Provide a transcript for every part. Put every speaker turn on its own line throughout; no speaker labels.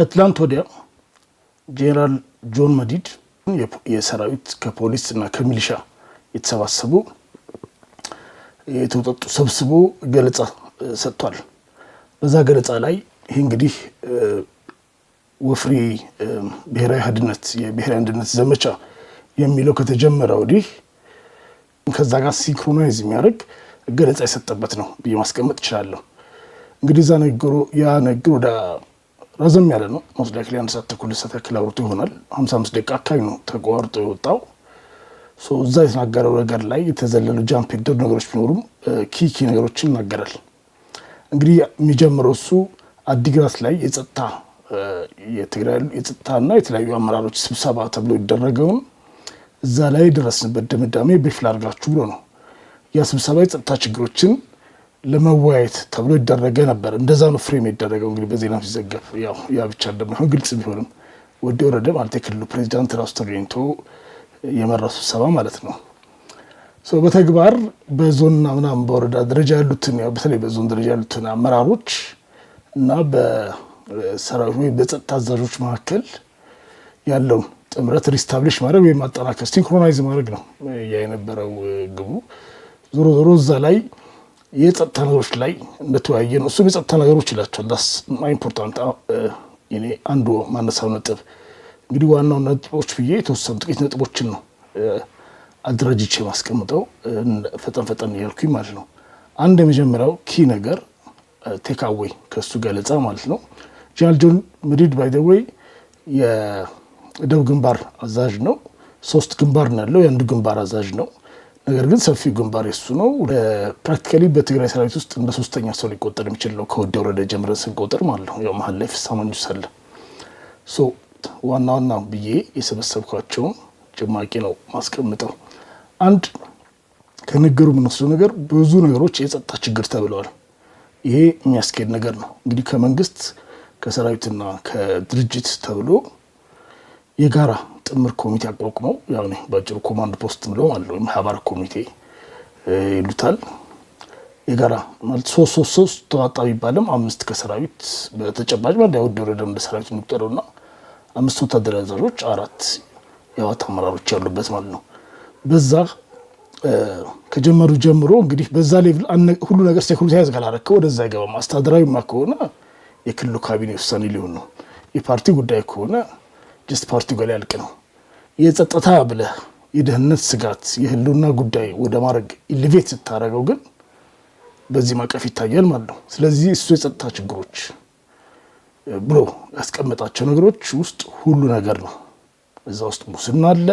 ከትላንት ወዲያ ጄኔራል ጆን መዲድ የሰራዊት ከፖሊስ እና ከሚሊሻ የተሰባሰቡ የተውጠጡ ሰብስቦ ገለጻ ሰጥቷል። በዛ ገለጻ ላይ ይህ እንግዲህ ወፍሪ ብሔራዊ አንድነት የብሔራዊ አንድነት ዘመቻ የሚለው ከተጀመረ ወዲህ ከዛ ጋር ሲንክሮናይዝ የሚያደርግ ገለጻ የሰጠበት ነው ብዬ ማስቀመጥ እችላለሁ። እንግዲህ ዛ ያ ንግግሩ ወደ ረዘም ያለ ነው። መዝዳክ ላይ አንድ ሰዓት ተኩል ሰዓት ያክል አውርቶ ይሆናል። 55 ደቂቃ አካባቢ ነው ተቋርጦ የወጣው። እዛ የተናገረው ነገር ላይ የተዘለሉ ጃምፕ የተደረጉ ነገሮች ቢኖሩም ኪኪ ነገሮችን ይናገራል። እንግዲህ የሚጀምረው እሱ አዲግራት ላይ የጸጥታ የትግራይ የጸጥታና የተለያዩ አመራሮች ስብሰባ ተብሎ ይደረገውን እዛ ላይ የደረስንበት ድምዳሜ ብሪፍ ላድርጋችሁ ብሎ ነው ያ ስብሰባ የጸጥታ ችግሮችን ለመወያየት ተብሎ ይደረገ ነበር። እንደዛ ነው ፍሬም የደረገው። እንግዲህ በዜና ሲዘገብ ያው ያ ብቻ እንደማይሆን ግልጽ ቢሆንም ወደ ወረደ ማለት የክልሉ ፕሬዚዳንት ራሱ ተገኝቶ የመራ ስብሰባ ማለት ነው። በተግባር በዞንና ምናምን በወረዳ ደረጃ ያሉትን በተለይ በዞን ደረጃ ያሉትን አመራሮች እና በሰራዊት ወይም በጸጥታ አዛዦች መካከል ያለውን ጥምረት ሪስታብሊሽ ማድረግ ወይም አጠናከር ሲንክሮናይዝ ማድረግ ነው የነበረው ግቡ ዞሮ ዞሮ እዛ ላይ የጸጥታ ነገሮች ላይ እንደተወያየ ነው። እሱም የጸጥታ ነገሮች ይላቸዋል። ዳስ ኢምፖርታንት እኔ አንዱ ማነሳው ነጥብ እንግዲህ ዋናው ነጥቦች ብዬ የተወሰኑ ጥቂት ነጥቦችን ነው uh, አደራጅቼ ማስቀምጠው ፈጠን ፈጠን እያልኩኝ ማለት ነው። አንድ የመጀመሪያው ኪ ነገር ቴካዌይ uh, ከእሱ ገለጻ ማለት ነው። ጀነራል ጆን መዲድ ባይደወይ የደቡብ ግንባር አዛዥ ነው። ሶስት ግንባር ነው ያለው፣ የአንዱ ግንባር አዛዥ ነው። ነገር ግን ሰፊው ግንባር የሱ ነው። ፕራክቲካሊ በትግራይ ሰራዊት ውስጥ እንደ ሶስተኛ ሰው ሊቆጠር የሚችል ነው። ከወደ ወረደ ጀምረን ስንቆጥር ማለት ነው። ያው መሀል ላይ ፍሳ አለ። ዋና ዋና ብዬ የሰበሰብኳቸውን ጭማቂ ነው ማስቀምጠው። አንድ ከንግግሩ የምንወስደው ነገር ብዙ ነገሮች የጸጥታ ችግር ተብለዋል። ይሄ የሚያስኬድ ነገር ነው እንግዲህ ከመንግስት ከሰራዊትና ከድርጅት ተብሎ የጋራ ጥምር ኮሚቴ አቋቁመው ያው በአጭሩ ኮማንድ ፖስት ምለው አለ ወይም ሀባር ኮሚቴ ይሉታል። የጋራ ማለት ሶስት ሶስት ሶስት ተዋጣ ቢባልም አምስት ከሰራዊት በተጨባጭ ማለት ያወደረ ደም እንደ ሰራዊት የሚቆጠረው እና አምስት ወታደራዊ አዛዦች፣ አራት የዋት አመራሮች ያሉበት ማለት ነው። በዛ ከጀመሩ ጀምሮ እንግዲህ በዛ ሌቭል ሁሉ ነገር ሴኩሪቲ ያዝ ካላረከ ወደዛ አይገባም። አስተዳደራዊማ ከሆነ የክልሉ ካቢኔ ውሳኔ ሊሆን ነው። የፓርቲ ጉዳይ ከሆነ ጀስት ፓርቲው ጋር ያልቅ ነው። የጸጥታ ብለህ የደህንነት ስጋት የህልውና ጉዳይ ወደ ማድረግ ኢሊቬት ስታደርገው ግን በዚህ ማቀፍ ይታያል ማለት ነው። ስለዚህ እሱ የጸጥታ ችግሮች ብሎ ያስቀመጣቸው ነገሮች ውስጥ ሁሉ ነገር ነው። እዛ ውስጥ ሙስና አለ፣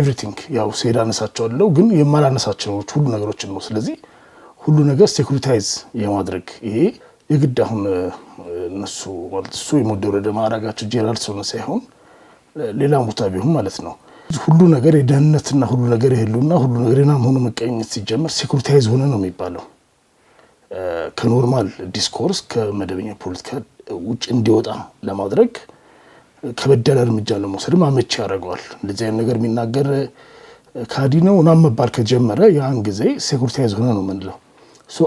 ኤቭሪቲንግ ያው አነሳቸው አለው፣ ግን የማላነሳቸው ነገሮች ሁሉ ነገሮችን ነው። ስለዚህ ሁሉ ነገር ሴኩሪታይዝ የማድረግ ይሄ የግድ አሁን እነሱ ማለት እሱ የሞደረደ ማዕረጋቸው ጄራል ስለሆነ ሳይሆን ሌላ ቦታ ቢሆን ማለት ነው። ሁሉ ነገር የደህንነትና ሁሉ ነገር የህሉና ሁሉ ነገር ናም ሆኖ መቀኘት ሲጀመር ሴኩሪታይዝ ሆነ ነው የሚባለው። ከኖርማል ዲስኮርስ ከመደበኛ ፖለቲካ ውጭ እንዲወጣ ለማድረግ ከበድ እርምጃ ለመውሰድም አመቺ ያደርገዋል። እንደዚህ አይነት ነገር የሚናገር ካዲ ነው ናም መባል ከጀመረ ያን ጊዜ ሴኩሪታይዝ ሆነ ነው ምንለው።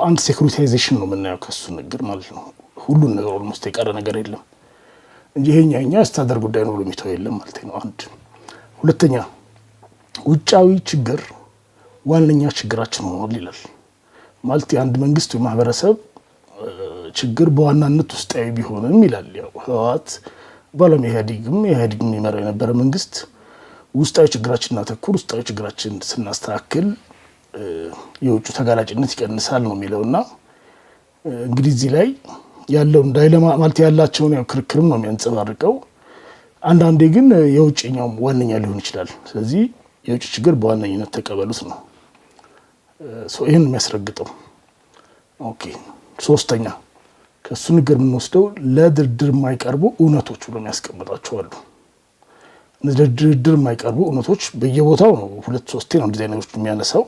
አንድ ሴኩሪታይዜሽን ነው የምናየው ከሱ ንግግር ማለት ነው። ሁሉን ነገር ኦልሞስት የቀረ ነገር የለም። እንጂ ይሄኛ ኛ አስተዳደር ጉዳይ ነው ብሎ የሚተው የለም ማለት ነው። አንድ ሁለተኛ ውጫዊ ችግር ዋነኛ ችግራችን ሆኗል ይላል ማለት የአንድ መንግስት ወይ ማህበረሰብ ችግር በዋናነት ውስጣዊ ቢሆንም ይላል ያው ህወሓት ባለም ኢህአዴግም ኢህአዴግ የሚመራው የነበረ መንግስት ውስጣዊ ችግራችን እናተኩር፣ ውስጣዊ ችግራችን ስናስተካክል የውጭ ተጋላጭነት ይቀንሳል ነው የሚለው እና እንግዲህ እዚህ ላይ ያለውን ዳይለማ ማለት ያላቸውን ያው ክርክርም ነው የሚያንጸባርቀው። አንዳንዴ ግን የውጭኛውም ዋነኛ ሊሆን ይችላል። ስለዚህ የውጭ ችግር በዋነኝነት ተቀበሉት ነው ይህን የሚያስረግጠው። ኦኬ ሶስተኛ ከእሱ ንግግር የምንወስደው ለድርድር የማይቀርቡ እውነቶች ብሎ የሚያስቀምጣቸው አሉ። ለድርድር የማይቀርቡ እውነቶች በየቦታው ነው ሁለት ሶስቴ ነው ዲዛይነሮች የሚያነሳው።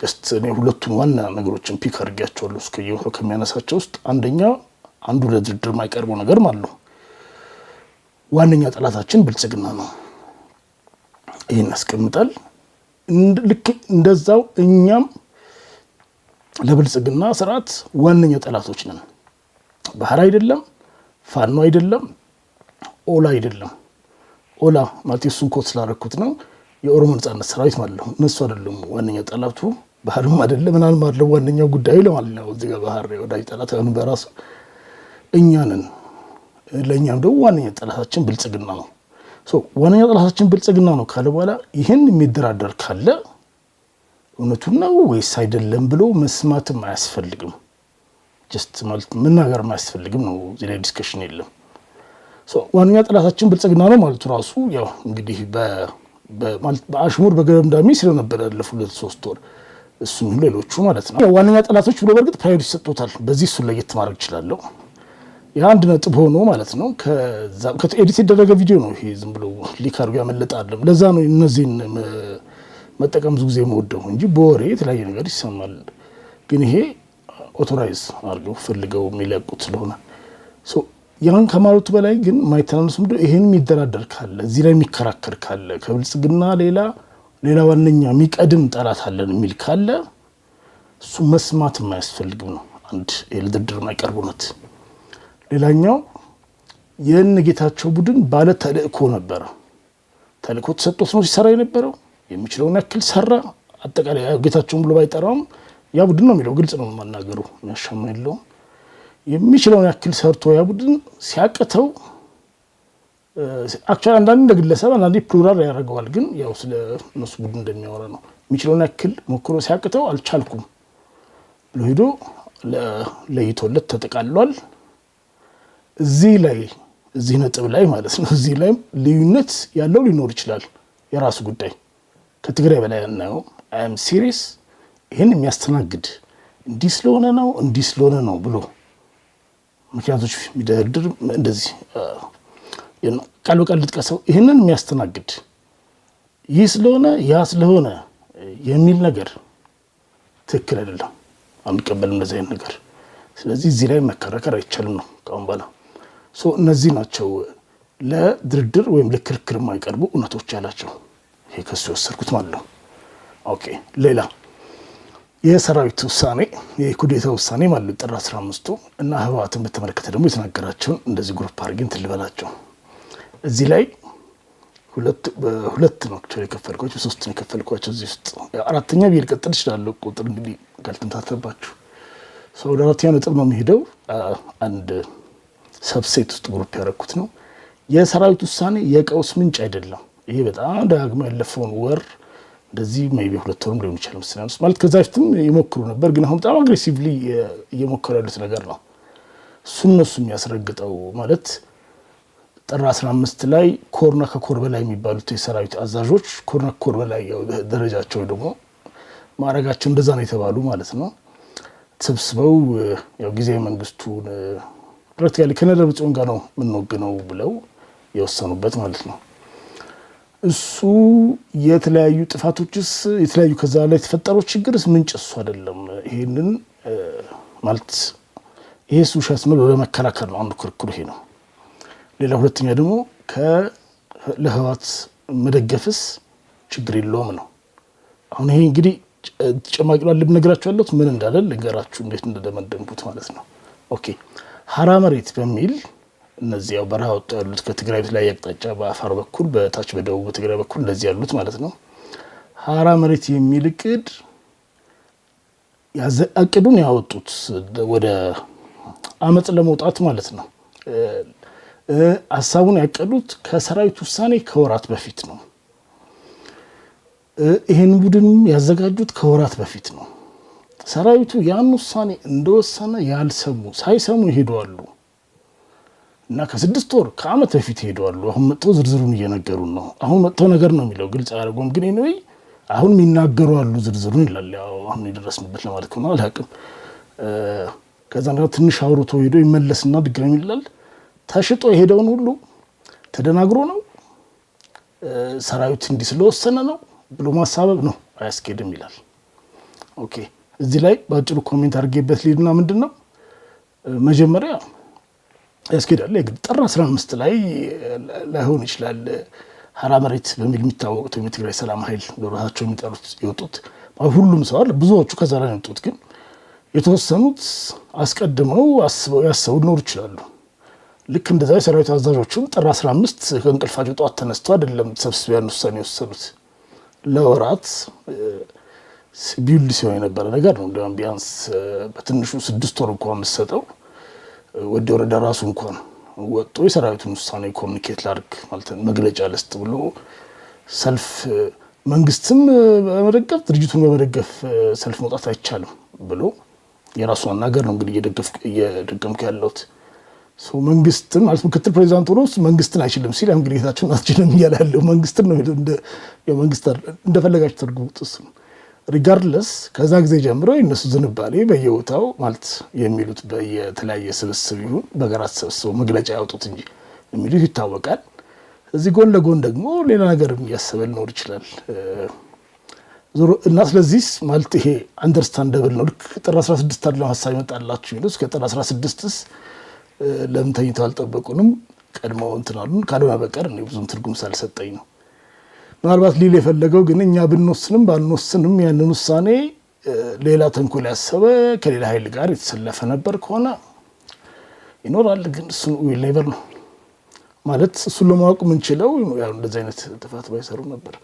ጀስት እኔ ሁለቱን ዋና ነገሮችን ፒክ አድርጌያቸዋለሁ እስከየሆ ከሚያነሳቸው ውስጥ አንደኛ አንዱ ለድርድር የማይቀርበው ነገር አለ። ዋነኛ ጠላታችን ብልጽግና ነው። ይህን ያስቀምጣል። ልክ እንደዛው እኛም ለብልጽግና ስርዓት ዋነኛ ጠላቶች ነን። ባህር አይደለም፣ ፋኖ አይደለም፣ ኦላ አይደለም። ኦላ ማለት እሱን ኮት ስላደረኩት ነው። የኦሮሞ ነጻነት ሰራዊት ማለት ነው። እነሱ አይደለም ዋነኛው ጠላቱ፣ ባህርም አይደለም ምናምን አይደለም ዋነኛው ጉዳዩ ለማለት ነው። እዚህ ጋር ባህር ወዳጅ ጠላት ሆኑ በራሱ እኛንን ለእኛም ደግሞ ዋነኛ ጠላታችን ብልጽግና ነው። ዋነኛ ጠላታችን ብልጽግና ነው ካለ በኋላ ይህን የሚደራደር ካለ እውነቱን ነው ወይስ አይደለም ብሎ መስማትም አያስፈልግም። ጀስት ማለት መናገርም አያስፈልግም ነው። እዚህ ላይ ዲስከሽን የለም። ዋነኛ ጠላታችን ብልጽግና ነው ማለቱ ራሱ ያው እንግዲህ በአሽሙር በገረምዳሚ ስለነበረ ያለፉ ሁለት ሶስት ወር እሱም ሌሎቹ ማለት ነው ዋነኛ ጠላቶች ብሎ በእርግጥ ፕራዮሪቲ ሰጥቶታል። በዚህ እሱን ለየት ማድረግ እችላለሁ። የአንድ ነጥብ ሆኖ ማለት ነው። ከኤዲት የደረገ ቪዲዮ ነው ይሄ ዝም ብሎ ሊክ አድርጎ ያመለጠ አይደለም። ለዛ ነው እነዚህን መጠቀም ብዙ ጊዜ መወደው እንጂ በወሬ የተለያየ ነገር ይሰማል። ግን ይሄ ኦቶራይዝ አድርገው ፈልገው የሚለቁት ስለሆነ ያን ከማለቱ በላይ ግን ማይተናነስ ምድ ይህን የሚደራደር ካለ እዚህ ላይ የሚከራከር ካለ ከብልጽግና ሌላ ሌላ ዋነኛ የሚቀድም ጠላት አለን የሚል ካለ እሱ መስማት የማያስፈልግም ነው። አንድ የልድድር የማይቀርብ እውነት። ሌላኛው የእነ ጌታቸው ቡድን ባለ ተልእኮ ነበረ። ተልእኮ ተሰጥቶት ነው ሲሰራ የነበረው። የሚችለውን ያክል ሰራ። አጠቃላይ ጌታቸውን ብሎ ባይጠራውም ያ ቡድን ነው የሚለው ግልጽ ነው። መናገሩ የሚያሻማ የለውም። የሚችለውን ያክል ሰርቶ ያ ቡድን ሲያቅተው አክቹዋሊ አንዳንድ እንደ ግለሰብ አንዳንዴ ፕሉራል ያደርገዋል። ግን ያው ስለ እነሱ ቡድን እንደሚያወራ ነው። የሚችለውን ያክል ሞክሮ ሲያቅተው አልቻልኩም ብሎ ሄዶ ለይቶለት ተጠቃሏል። እዚህ ላይ እዚህ ነጥብ ላይ ማለት ነው። እዚህ ላይም ልዩነት ያለው ሊኖር ይችላል። የራሱ ጉዳይ ከትግራይ በላይ አናየውም። አይ አም ሲሪየስ ይህን የሚያስተናግድ እንዲህ ስለሆነ ነው እንዲህ ስለሆነ ነው ብሎ ምክንያቶች የሚደረድር እንደዚህ ቃል በቃል ልጥቀሰው፣ ይህንን የሚያስተናግድ ይህ ስለሆነ ያ ስለሆነ የሚል ነገር ትክክል አይደለም። አንቀበልም እንደዚህ አይነት ነገር። ስለዚህ እዚህ ላይ መከራከር አይቻልም ነው ከአሁን በኋላ። እነዚህ ናቸው ለድርድር ወይም ለክርክር የማይቀርቡ እውነቶች ያላቸው። ይሄ ከሱ የወሰድኩት ማለት ነው። ኦኬ ሌላ የሰራዊት ውሳኔ የኩዴታ ውሳኔ ማለት ጥር 15ቱ እና ህወሓትን በተመለከተ ደግሞ የተናገራቸውን እንደዚህ ግሩፕ አድርጌን ትልበላቸው እዚህ ላይ ሁለት ነው አክቹዋሊ የከፈልኳቸው ሶስት ነው የከፈልኳቸው እዚህ ውስጥ አራተኛ ብሄድ ቀጥል እችላለሁ ቁጥር እንግዲህ ካልተንታተባችሁ ሰው ወደ አራተኛ ነጥብ ነው የሚሄደው አንድ ሰብሴት ውስጥ ግሩፕ ያደረኩት ነው የሰራዊት ውሳኔ የቀውስ ምንጭ አይደለም ይሄ በጣም ደጋግሞ ያለፈውን ወር እንደዚህ ቢ ሁለት ወርም ሊሆን ይችላል መሰለኝ አምስት ማለት ከዛ በፊትም ይሞክሩ ነበር፣ ግን አሁን በጣም አግሬሲቭሊ እየሞከሩ ያሉት ነገር ነው። እሱን እነሱ የሚያስረግጠው ማለት ጥር 15 ላይ ኮርና ከኮር በላይ የሚባሉት የሰራዊት አዛዦች ኮርና ከኮር በላይ ደረጃቸው ደግሞ ማዕረጋቸው እንደዛ ነው የተባሉ ማለት ነው ተሰብስበው ያው ጊዜያዊ መንግስቱን ፕራክቲካሊ ከነደብረ ጽዮን ጋር ነው የምንወግነው ብለው የወሰኑበት ማለት ነው። እሱ የተለያዩ ጥፋቶችስ የተለያዩ ከዛ ላይ የተፈጠረው ችግርስ ምንጭ እሱ አይደለም። ይሄንን ማለት ይሄ እሱ ውሸት ነው ለመከራከር ነው አንዱ ክርክሩ ይሄ ነው። ሌላ ሁለተኛ ደግሞ ለህዋት መደገፍስ ችግር የለውም ነው። አሁን ይሄ እንግዲህ ተጨማቂ ልብ ነገራችሁ ያለት ምን እንዳለ ልንገራችሁ፣ እንዴት እንደደመደምኩት ማለት ነው። ኦኬ ሀራ መሬት በሚል እነዚህ ያው በረሃ ወጥተው ያሉት ከትግራይ ላይ አቅጣጫ በአፋር በኩል በታች በደቡብ ትግራይ በኩል እንደዚህ ያሉት ማለት ነው። ሀራ መሬት የሚል እቅድ እቅዱን ያወጡት ወደ አመፅ ለመውጣት ማለት ነው። ሀሳቡን ያቀዱት ከሰራዊት ውሳኔ ከወራት በፊት ነው። ይህን ቡድን ያዘጋጁት ከወራት በፊት ነው። ሰራዊቱ ያን ውሳኔ እንደወሰነ ያልሰሙ ሳይሰሙ ይሄደዋሉ። እና ከስድስት ወር ከአመት በፊት ሄደዋሉ። አሁን መጥተው ዝርዝሩን እየነገሩን ነው። አሁን መጥተው ነገር ነው የሚለው ግልጽ አያደርጉም። ግን ነይ አሁን የሚናገሩ አሉ ዝርዝሩን ይላል። ያው አሁን የደረስንበት ለማለት ነው አልቅም። ከዛ ትንሽ አውርቶ ሄዶ ይመለስና ድጋሚ ይላል። ተሽጦ የሄደውን ሁሉ ተደናግሮ ነው ሰራዊት እንዲህ ስለወሰነ ነው ብሎ ማሳበብ ነው አያስኬድም ይላል። ኦኬ እዚህ ላይ በአጭሩ ኮሜንት አድርጌበት ሊድና ምንድን ነው መጀመሪያ ያስኬዳል። ጥር 15 ላይ ላይሆን ይችላል ሀራ መሬት በሚል የሚታወቁት ወይም የትግራይ ሰላም ኃይል በራሳቸው የሚጠሩት የወጡት ሁሉም ሰው አለ። ብዙዎቹ ከዛ ላይ የወጡት ግን የተወሰኑት አስቀድመው አስበው ያሰቡ ሊኖሩ ይችላሉ። ልክ እንደዛ የሰራዊት አዛዦቹም ጥር 15 ከእንቅልፋቸው ጠዋት ተነስቶ አይደለም ተሰብስበው ያን ውሳኔ የወሰኑት። ለወራት ቢውል ሲሆን የነበረ ነገር ነው። እንዲያውም ቢያንስ በትንሹ ስድስት ወር እንኳ የምትሰጠው ወደ ወረዳ ራሱ እንኳን ወጥቶ የሰራዊቱን ውሳኔ ኮሚኒኬት ላድርግ ማለት መግለጫ ልስጥ ብሎ ሰልፍ መንግስትም በመደገፍ ድርጅቱን በመደገፍ ሰልፍ መውጣት አይቻልም ብሎ የራሱ ሀገር ነው እንግዲህ እየደገምኩ ያለሁት። መንግስትም ማለት ምክትል ፕሬዚዳንት ሆኖ መንግስትን አይችልም ሲል ያም ጌታቸውን አትችልም እያለ ያለው መንግስትን ነው። መንግስት እንደፈለጋችሁ ተርጉሙት እሱን ሪጋርድለስ ከዛ ጊዜ ጀምሮ የነሱ ዝንባሌ በየቦታው ማለት የሚሉት በየተለያየ ስብስብ ይሁን በጋራ ተሰብስበው መግለጫ ያወጡት እንጂ የሚሉት ይታወቃል። እዚህ ጎን ለጎን ደግሞ ሌላ ነገር እያሰበ ሊኖር ይችላል እና ስለዚህ ማለት ይሄ አንደርስታንደብል ነው። ልክ ጥር 16 አድለው ሀሳብ ይመጣላችሁ የሚሉት እስከ ጥር 16ስ ለምን ተኝተው አልጠበቁንም ቀድሞ እንትናሉን ካልሆነ በቀር ብዙም ትርጉም ሳልሰጠኝ ነው። ምናልባት ሊል የፈለገው ግን እኛ ብንወስንም ባንወስንም ያንን ውሳኔ ሌላ ተንኮል ያሰበ ከሌላ ኃይል ጋር የተሰለፈ ነበር ከሆነ ይኖራል። ግን እሱን ዊል ኔቨር ነው ማለት እሱን ለማወቅ የምንችለው እንደዚህ አይነት ጥፋት ባይሰሩ ነበር።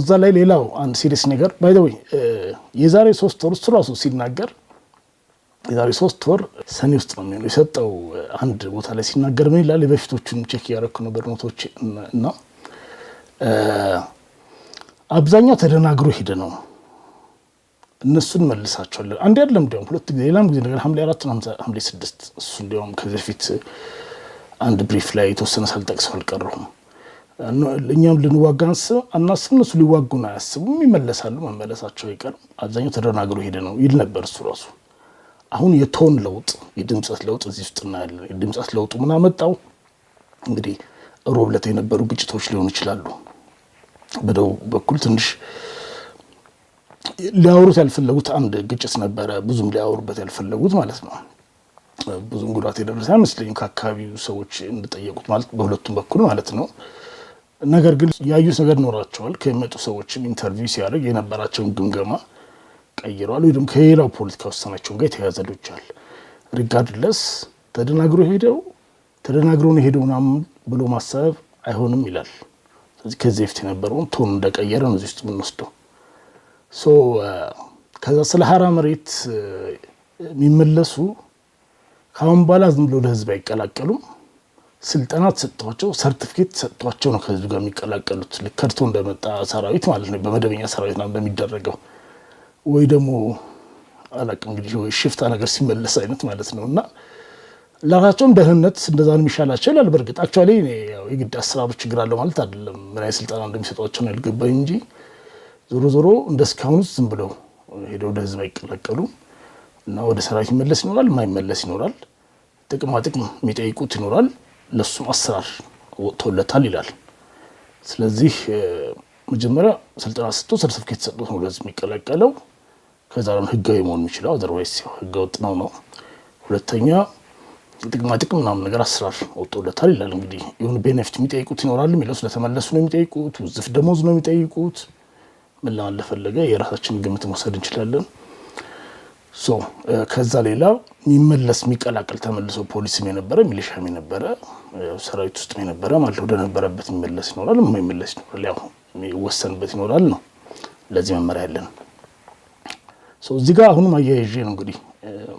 እዛ ላይ ሌላው አንድ ሲሪስ ነገር ባይ ዘ ወይ የዛሬ ሶስት ወር እሱ ራሱ ሲናገር የዛሬ ሶስት ወር ሰኔ ውስጥ ነው የሚሆነው የሰጠው አንድ ቦታ ላይ ሲናገር ምን ይላል? የበፊቶቹን ቼክ እያደረኩ ነበር ኖቶች እና አብዛኛው ተደናግሮ ሄደ ነው። እነሱን መልሳቸዋለን። አንድ ያለም እንዲያውም ሁለት ጊዜ ሌላም ጊዜ ነገር ሐምሌ አራት ሐምሌ ስድስት እሱ እንዲያውም ከዚህ በፊት አንድ ብሪፍ ላይ የተወሰነ ሳልጠቅሰው አልቀረሁም። እኛም ልንዋጋ አናስብ፣ እነሱ ሊዋጉን አያስቡም፣ ይመለሳሉ። መመለሳቸው አይቀርም። አብዛኛው ተደናግሮ ሄደ ነው ይል ነበር እሱ ራሱ። አሁን የቶን ለውጥ የድምፀት ለውጥ እዚህ ውስጥ እናያለን። የድምፀት ለውጡ ምን አመጣው? እንግዲህ ሮብለት የነበሩ ግጭቶች ሊሆኑ ይችላሉ በደቡብ በኩል ትንሽ ሊያወሩት ያልፈለጉት አንድ ግጭት ነበረ። ብዙም ሊያወሩበት ያልፈለጉት ማለት ነው። ብዙም ጉዳት የደረሰ አይመስለኝም ከአካባቢው ሰዎች እንደጠየቁት ማለት በሁለቱም በኩል ማለት ነው። ነገር ግን ያዩት ነገር ኖራቸዋል። ከመጡ ሰዎችም ኢንተርቪው ሲያደርግ የነበራቸውን ግምገማ ቀይረዋል፣ ወይ ከሌላው ፖለቲካ ውሳናቸውን ጋር የተያዘ ልቻል ሪጋርድለስ ተደናግሮ ሄደው ተደናግሮ ነው ሄደውናም ብሎ ማሰብ አይሆንም ይላል። ከዚህ ፊት የነበረውን ቶን እንደቀየረ ነው እዚህ ውስጥ የምንወስደው። ከዛ ስለ ሀራ መሬት የሚመለሱ ከአሁን በኋላ ዝም ብሎ ለህዝብ አይቀላቀሉም። ስልጠና ተሰጥቷቸው ሰርቲፊኬት ተሰጥቷቸው ነው ከህዝብ ጋር የሚቀላቀሉት። ከድቶ እንደመጣ ሰራዊት ማለት ነው። በመደበኛ ሰራዊት ነው እንደሚደረገው ወይ ደግሞ አላቅ እንግዲህ ወይ ሽፍታ ነገር ሲመለስ አይነት ማለት ነው እና ለራቸውም ደህንነት እንደዛ ነው የሚሻላቸው ይላል። በእርግጥ አክቹዋሊ የግድ አሰራሩ ችግር አለው ማለት አይደለም። ምን አይነት ስልጠና እንደሚሰጧቸው ነው ያልገባኝ እንጂ ዞሮ ዞሮ እንደ እስካሁኑት ዝም ብለው ሄደው ወደ ህዝብ አይቀላቀሉም እና ወደ ሰራዊት ይመለስ ይኖራል፣ ማይመለስ ይኖራል፣ ጥቅማ ጥቅም የሚጠይቁት ይኖራል። ለሱም አሰራር ወጥቶለታል ይላል። ስለዚህ መጀመሪያ ስልጠና ሰጥቶ ሰርቲፊኬት ሰጡት ነው ለህዝብ የሚቀላቀለው። ከዛ ህጋዊ መሆን የሚችለው አዘርዋይስ ህገ ወጥ ነው ነው ሁለተኛ ጥቅማ ጥቅም ምናምን ነገር አሰራር ወጥቶለታል ይላል። እንግዲህ ይሁን ቤኔፊት የሚጠይቁት ይኖራል የሚለው ስለተመለሱ ነው የሚጠይቁት፣ ውዝፍ ደሞዝ ነው የሚጠይቁት። ምን ለማለት ለፈለገ የራሳችን ግምት መውሰድ እንችላለን። ከዛ ሌላ የሚመለስ የሚቀላቀል ተመልሶ ፖሊስም የነበረ ሚሊሻም የነበረ ሰራዊት ውስጥ የነበረ ማለት ወደነበረበት የሚመለስ ይኖራል፣ የማይመለስ ይኖራል፣ ያው የሚወሰንበት ይኖራል ነው ለዚህ መመሪያ ያለን እዚህ ጋር አሁንም አያይዤ ነው እንግዲህ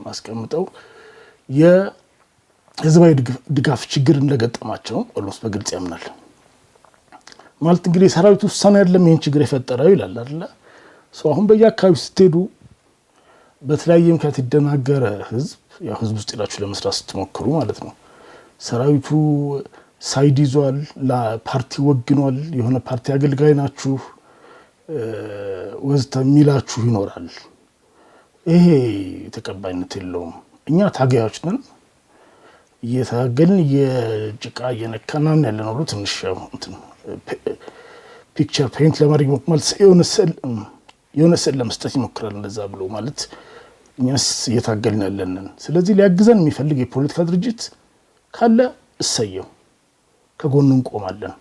ማስቀምጠው ህዝባዊ ድጋፍ ችግር እንደገጠማቸው ጳውሎስ በግልጽ ያምናል። ማለት እንግዲህ የሰራዊቱ ውሳኔ አይደለም ይህን ችግር የፈጠረው ይላል አይደለ? ሰው አሁን በየአካባቢው ስትሄዱ በተለያየ ምክንያት የደናገረ ህዝብ ያው ህዝብ ውስጥ ላችሁ ለመስራት ስትሞክሩ ማለት ነው ሰራዊቱ ሳይድ ይዟል፣ ፓርቲ ወግኗል፣ የሆነ ፓርቲ አገልጋይ ናችሁ ወዝተ የሚላችሁ ይኖራል። ይሄ ተቀባይነት የለውም። እኛ ታጋዮች ነን። እየታገልን የጭቃ እየነካናን ያለ ነው። ትንሽ ፒክቸር ፔንት ለማድረግ ማለት የሆነ ስዕል ለመስጠት ይሞክራል። እንደዛ ብሎ ማለት እኛስ እየታገልን ያለንን። ስለዚህ ሊያግዘን የሚፈልግ የፖለቲካ ድርጅት ካለ እሰየው፣ ከጎኑ እንቆማለን።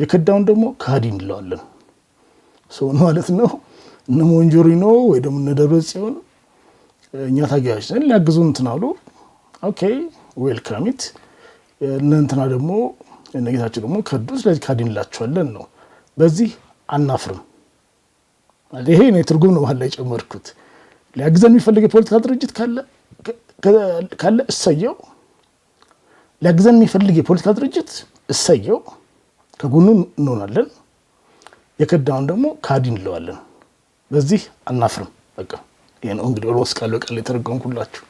የከዳውን ደግሞ ከሃዲ እንለዋለን። ሰውን ማለት ነው። እነ ሞንጆሪኖ ወይ ደግሞ እነ ደብረጽዮን እኛ ታጋዮች ነን ሊያግዙ እንትን አሉ። ኦኬ ዌልካሚት ለእንትና ደግሞ እነጌታችን ደግሞ ከዱስ ለዚህ ካድንላቸዋለን ነው። በዚህ አናፍርም። ይሄ ነው ትርጉም ነው መሀል ላይ ጨመርኩት። ሊያግዘን የሚፈልግ የፖለቲካ ድርጅት ካለ እሰየው፣ ሊያግዘን የሚፈልግ የፖለቲካ ድርጅት እሰየው፣ ከጎኑ እንሆናለን። የከዳውን ደግሞ ካዲ እንለዋለን። በዚህ አናፍርም። በቃ ይሄ ነው እንግዲህ ኦልሞስት ቃል በቃል የተረጎምኩላችሁ።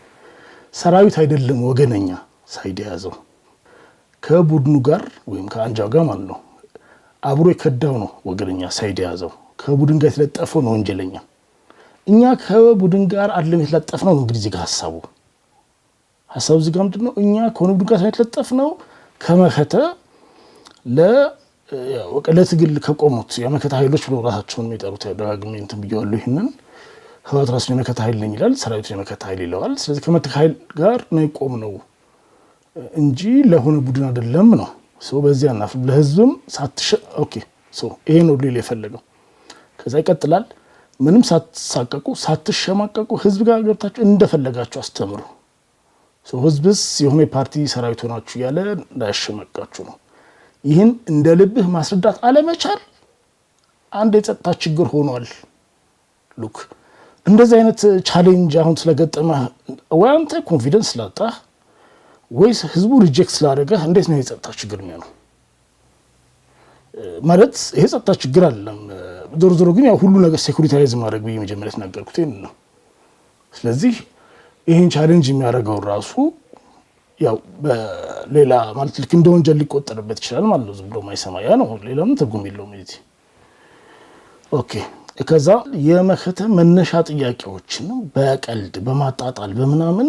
ሰራዊት አይደለም ወገነኛ ሳይድ የያዘው ከቡድኑ ጋር ወይም ከአንጃው ጋር ማለት ነው አብሮ የከዳው ነው ወገነኛ ሳይድ የያዘው ከቡድን ጋር የተለጠፈው ነው ወንጀለኛ። እኛ ከቡድን ጋር አይደለም የተለጠፍ ነው። እንግዲህ እዚህ ጋር ሀሳቡ ሀሳቡ እዚህ ጋር ምንድን ነው? እኛ ከሆነ ቡድን ጋር ነው ከመከተ ለትግል ከቆሙት የመከተ ኃይሎች ብሎ ራሳቸውን የሚጠሩት ያደጋግሜ እንትን ብያዋለሁ ይህንን ህወሓት ራሱን የመከት ኃይል ነኝ ይላል፣ ሰራዊቱን የመከት ኃይል ይለዋል። ስለዚህ ከመት ኃይል ጋር ነው የቆም ነው እንጂ ለሆነ ቡድን አይደለም ነው። በዚያ ና ለህዝብም ሳትሸ ኦኬ ይሄ ነው ሊል የፈለገው። ከዛ ይቀጥላል ምንም ሳትሳቀቁ ሳትሸማቀቁ ህዝብ ጋር ገብታችሁ እንደፈለጋችሁ አስተምሩ። ህዝብስ የሆነ የፓርቲ ሰራዊት ሆናችሁ እያለ እንዳያሸማቃችሁ ነው። ይህን እንደ ልብህ ማስረዳት አለመቻል አንድ የጸጥታ ችግር ሆኗል ሉክ እንደዚህ አይነት ቻሌንጅ አሁን ስለገጠመህ ወይ አንተ ኮንፊደንስ ስላጣህ ወይስ ህዝቡ ሪጀክት ስላደረገህ እንዴት ነው የጸጥታ ችግር የሚሆነው? ማለት ይሄ ጸጥታ ችግር አይደለም። ዞሮ ዞሮ ግን ያው ሁሉ ነገር ሴኩሪታይዝ ማድረግ ብዬ መጀመሪያ የተናገርኩት ይህን ነው። ስለዚህ ይህን ቻሌንጅ የሚያደርገው ራሱ ያው በሌላ ማለት ልክ እንደ ወንጀል ሊቆጠርበት ይችላል ማለት ነው። ዝም ብሎ ማይሰማ ያ ነው። ሌላ ምን ትርጉም የለውም። ኦኬ ከዛ የመከተብ መነሻ ጥያቄዎችን በቀልድ በማጣጣል በምናምን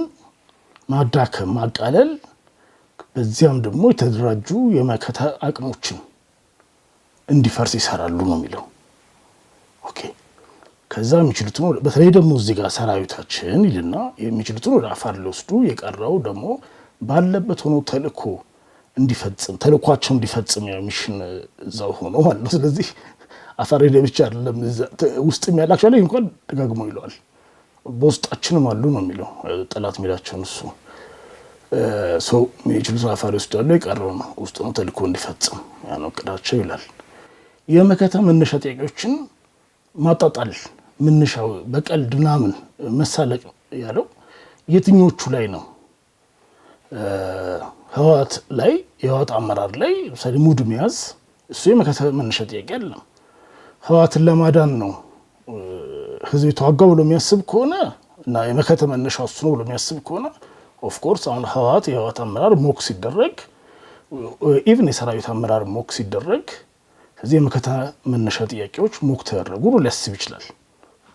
ማዳከም ማቃለል፣ በዚያም ደግሞ የተደራጁ የመከተ አቅሞችን እንዲፈርስ ይሰራሉ ነው የሚለው። ኦኬ ከዛ የሚችሉትን በተለይ ደግሞ እዚህ ጋር ሰራዊታችን ይልና የሚችሉትን ወደ አፋር ሊወስዱ የቀረው ደግሞ ባለበት ሆኖ ተልእኮ እንዲፈጽም ተልኳቸው እንዲፈጽም ያው ሚሽን እዛው ሆኖ ማለት ነው። ስለዚህ አሳሬ ብቻ አይደለም ውስጥም ያላቸው ላይ እንኳን ደጋግሞ ይለዋል። በውስጣችንም አሉ ነው የሚለው ጠላት ሜዳቸውን እሱ ሰው የሚችሉትን አፋሪ ውስጥ ያለው የቀረው ነው ውስጥ ነው ተልኮ እንዲፈጽም ያን እቅዳቸው ይላል። የመከታ መነሻ ጥያቄዎችን ማጣጣል ምንሻው በቀልድ ምናምን መሳለቅ ያለው የትኞቹ ላይ ነው? ህወሓት ላይ የህወሓት አመራር ላይ ለምሳሌ ሙድ መያዝ እሱ የመከታ መነሻ ጥያቄ አይደለም። ህወሓትን ለማዳን ነው ህዝብ የተዋጋው ብሎ የሚያስብ ከሆነ እና የመከተ መነሻ እሱ ነው ብሎ የሚያስብ ከሆነ ኦፍኮርስ አሁን ህወሓት የህወሓት አመራር ሞክ ሲደረግ ኢቭን የሰራዊት አመራር ሞክ ሲደረግ ከዚህ የመከተ መነሻ ጥያቄዎች ሞክ ተደረጉ ብሎ ሊያስብ ይችላል።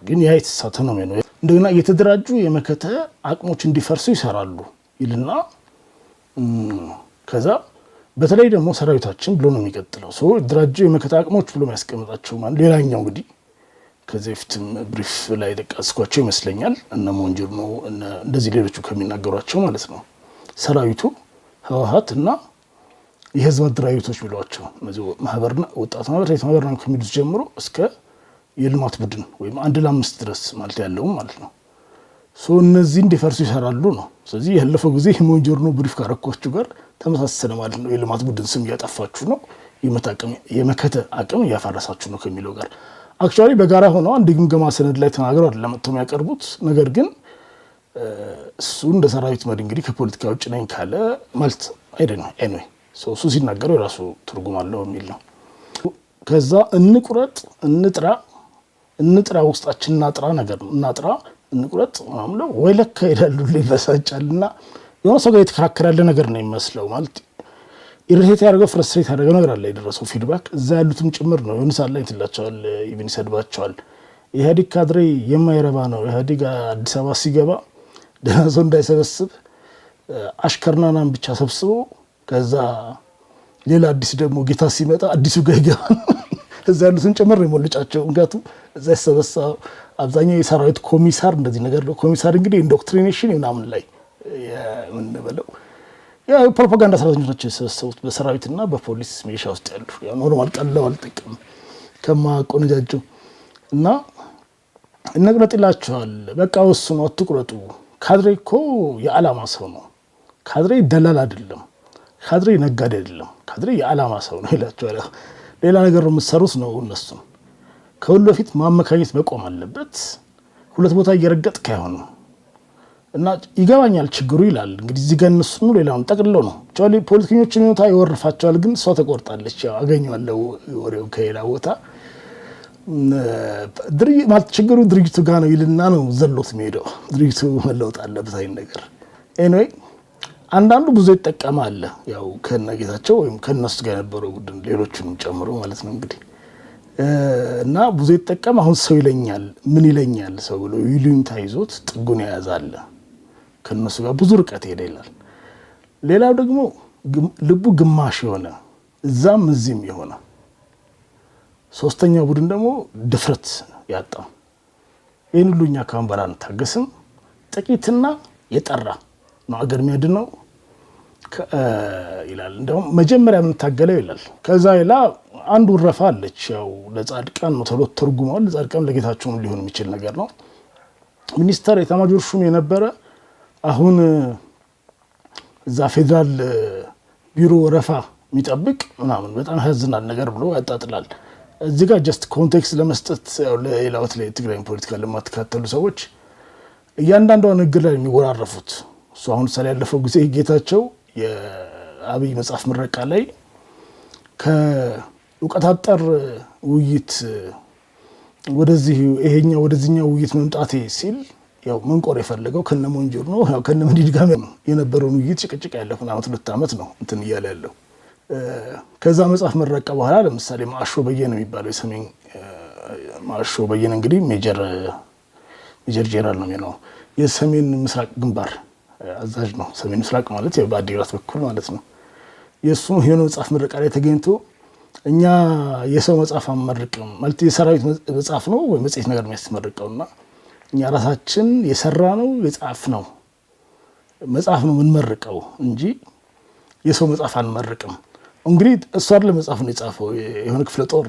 ግን ያ የተሳተ ነው ነው። እንደገና እየተደራጁ የመከተ አቅሞች እንዲፈርሱ ይሰራሉ ይልና ከዛ በተለይ ደግሞ ሰራዊታችን ብሎ ነው የሚቀጥለው ሰ ድራጀው የመከታ አቅሞች ብሎ የሚያስቀምጣቸው ማ ሌላኛው እንግዲህ ከዚህ በፊትም ብሪፍ ላይ ጠቀስኳቸው ይመስለኛል እነ ሞንጆር ነው እንደዚህ ሌሎቹ ከሚናገሯቸው ማለት ነው ሰራዊቱ ህወሀት እና የህዝብ አደራጆቶች ብሏቸው እነዚህ ማህበርና ወጣት ማህበር ሴት ማህበርና ከሚሉት ጀምሮ እስከ የልማት ቡድን ወይም አንድ ለአምስት ድረስ ማለት ያለውም ማለት ነው እነዚህ እንዲፈርሱ ይሰራሉ ነው። ስለዚህ ያለፈው ጊዜ ሞንጆርኖ ብሪፍ ካረኳችሁ ጋር ተመሳሰለ ማለት ነው። የልማት ቡድን ስም እያጠፋችሁ ነው፣ የመከተ አቅም እያፈረሳችሁ ነው ከሚለው ጋር አክቹዋሊ በጋራ ሆነው አንድ ግምገማ ሰነድ ላይ ተናግረው አይደለም መጥተው የሚያቀርቡት ነገር ግን እሱ እንደ ሰራዊት መሪ እንግዲህ ከፖለቲካ ውጭ ነኝ ካለ ማለት አይደለም። ኤኒዌይ እሱ ሲናገረው የራሱ ትርጉም አለው የሚል ነው። ከዛ እንቁረጥ፣ እንጥራ፣ እንጥራ ውስጣችን እናጥራ ነገር ነው እናጥራ እንቁረጥ ምናምን ነው ወይ ለካ ይላሉ ይበሳጫል። እና የሆነ ሰው ጋር የተከራከረ ያለ ነገር ነው የሚመስለው ማለት ኢሪቴት ያደርገው ፍረስትሬት ያደርገው ነገር አለ የደረሰው ፊድባክ እዛ ያሉትም ጭምር ነው። የሆነ ሰዓት ይትላቸዋል፣ ትላቸዋል፣ ኢቭን ይሰድባቸዋል። ኢህአዴግ ካድሬ የማይረባ ነው። ኢህአዴግ አዲስ አበባ ሲገባ ደህና ሰው እንዳይሰበስብ አሽከርናናን ብቻ ሰብስቦ ከዛ ሌላ አዲስ ደግሞ ጌታ ሲመጣ አዲሱ ጋ ይገባል። እዛ ያሉትን ጭምር የሞልጫቸው። ምክንያቱም እዛ ይሰበሳ አብዛኛው የሰራዊት ኮሚሳር እንደዚህ ነገር ነው። ኮሚሳር እንግዲህ ኢንዶክትሪኔሽን ምናምን ላይ የምንበለው ፕሮፓጋንዳ ሰራተኞች ናቸው የሰበሰቡት በሰራዊትና በፖሊስ ሚሊሻ ውስጥ ያሉ ኖርማል ጠለው አልጠቀም ከማቆነጃጅም እና እነቅረጥላችኋል በቃ ነው አትቁረጡ። ካድሬ እኮ የዓላማ ሰው ነው። ካድሬ ደላል አይደለም። ካድሬ ነጋዴ አይደለም። ካድሬ የዓላማ ሰው ነው ይላቸዋል። ሌላ ነገር የምትሰሩት ነው እነሱም ከሁሉ በፊት ማመካኘት መቆም አለበት። ሁለት ቦታ እየረገጥ ከሆኑ እና ይገባኛል ችግሩ ይላል እንግዲህ እዚህ ጋር እነሱን ሌላውን ጠቅልለው ነው ቻሊ ፖለቲከኞችን ይወታ ይወርፋቸዋል። ግን እሷ ተቆርጣለች። ያው አገኘዋለሁ ወሬው ከሌላ ቦታ ድርጅት ማለት ችግሩ ድርጅቱ ጋር ነው ይልና ነው ዘሎት የሚሄደው። ድርጅቱ መለወጥ አለበት አይን ነገር ኤኒዌይ አንዳንዱ ብዙ ይጠቀማል። ያው ከነጌታቸው ወይም ከነሱ ጋር የነበረው ቡድን ሌሎቹንም ጨምሮ ማለት ነው እንግዲህ እና ብዙ ይጠቀም አሁን ሰው ይለኛል ምን ይለኛል ሰው ብሎ ይሉኝታ ይዞት ጥጉን ያያዛለ ከነሱ ጋር ብዙ ርቀት ሄደ ይላል። ሌላው ደግሞ ልቡ ግማሽ የሆነ እዛም እዚህም የሆነ ሶስተኛው ቡድን ደግሞ ድፍረት ያጣ። ይህን ሁሉ እኛ ካሁን አንታገስም። ጥቂትና የጠራ ነው አገር የሚያድነው። ይላል እንደውም መጀመሪያ የምንታገለው ይላል። ከዛ ሌላ አንድ ውረፋ አለች። ያው ለጻድቃን ነው ተብሎ ተርጉመዋል። ለጻድቃን ለጌታቸውም ሊሆን የሚችል ነገር ነው። ሚኒስተር የተማጆር ሹም የነበረ አሁን እዛ ፌዴራል ቢሮ ወረፋ የሚጠብቅ ምናምን በጣም ያሳዝናል ነገር ብሎ ያጣጥላል። እዚህ ጋር ጀስት ኮንቴክስት ለመስጠት ለሌላውት ላይ ትግራይ ፖለቲካ ለማትከታተሉ ሰዎች እያንዳንዷ ንግግር ላይ የሚወራረፉት እሱ አሁን ሳል ያለፈው ጊዜ ጌታቸው የአብይ መጽሐፍ ምረቃ ላይ ከእውቀት አጠር ውይይት ወደዚህ ይሄኛ ወደዚህኛው ውይይት መምጣቴ ሲል ያው መንቆር የፈለገው ከነ ሞንጆር ነው ያው ከነ ምንድድጋሜ ነው የነበረውን ውይይት ጭቅጭቅ ያለፉን አመት ሁለት ዓመት ነው እንትን እያለ ያለው። ከዛ መጽሐፍ ምረቃ በኋላ ለምሳሌ ማሾ በየነ የሚባለው የሰሜን ማሾ በየነ እንግዲህ ሜጀር ጄኔራል ነው የሚለው የሰሜን ምስራቅ ግንባር አዛዥ ነው። ሰሜን ምስራቅ ማለት በአዲግራት በኩል ማለት ነው። የእሱ የሆነ መጽሐፍ ምረቃ ላይ ተገኝቶ እኛ የሰው መጽሐፍ አንመርቅም ማለት የሰራዊት መጽሐፍ ነው ወይ መጽሔት ነገር የሚያስመርቀው እና እኛ ራሳችን የሰራ ነው የጻፍ ነው መጽሐፍ ነው የምንመርቀው እንጂ የሰው መጽሐፍ አንመርቅም። እንግዲህ እሱ አይደለ መጽሐፍ ነው የጻፈው የሆነ ክፍለ ጦር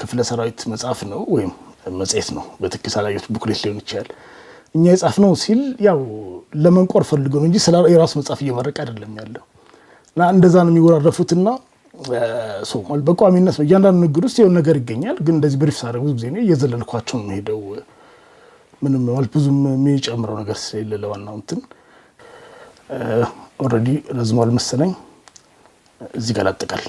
ክፍለ ሰራዊት መጽሐፍ ነው ወይም መጽሔት ነው። በትክክል ሳላየሁት ቡክሌት ሊሆን ይችላል። እኛ የጻፍነው ሲል ያው ለመንቆር ፈልገው ነው እንጂ ስለ የራሱ መጽሐፍ እየመረቀ አይደለም ያለው እና እንደዛ ነው የሚወራረፉትና ሶማል በቋሚነት ነው እያንዳንዱ ንግድ ውስጥ የሆነ ነገር ይገኛል። ግን እንደዚህ ብሪፍ ሳደርግ ብዙ ጊዜ እየዘለልኳቸው ነው ሄደው ምንም ማለት ብዙም የሚጨምረው ነገር ስለሌለ ለዋናው እንትን ኦልሬዲ ረዝሟል መሰለኝ እዚህ ጋር ላጠቃል።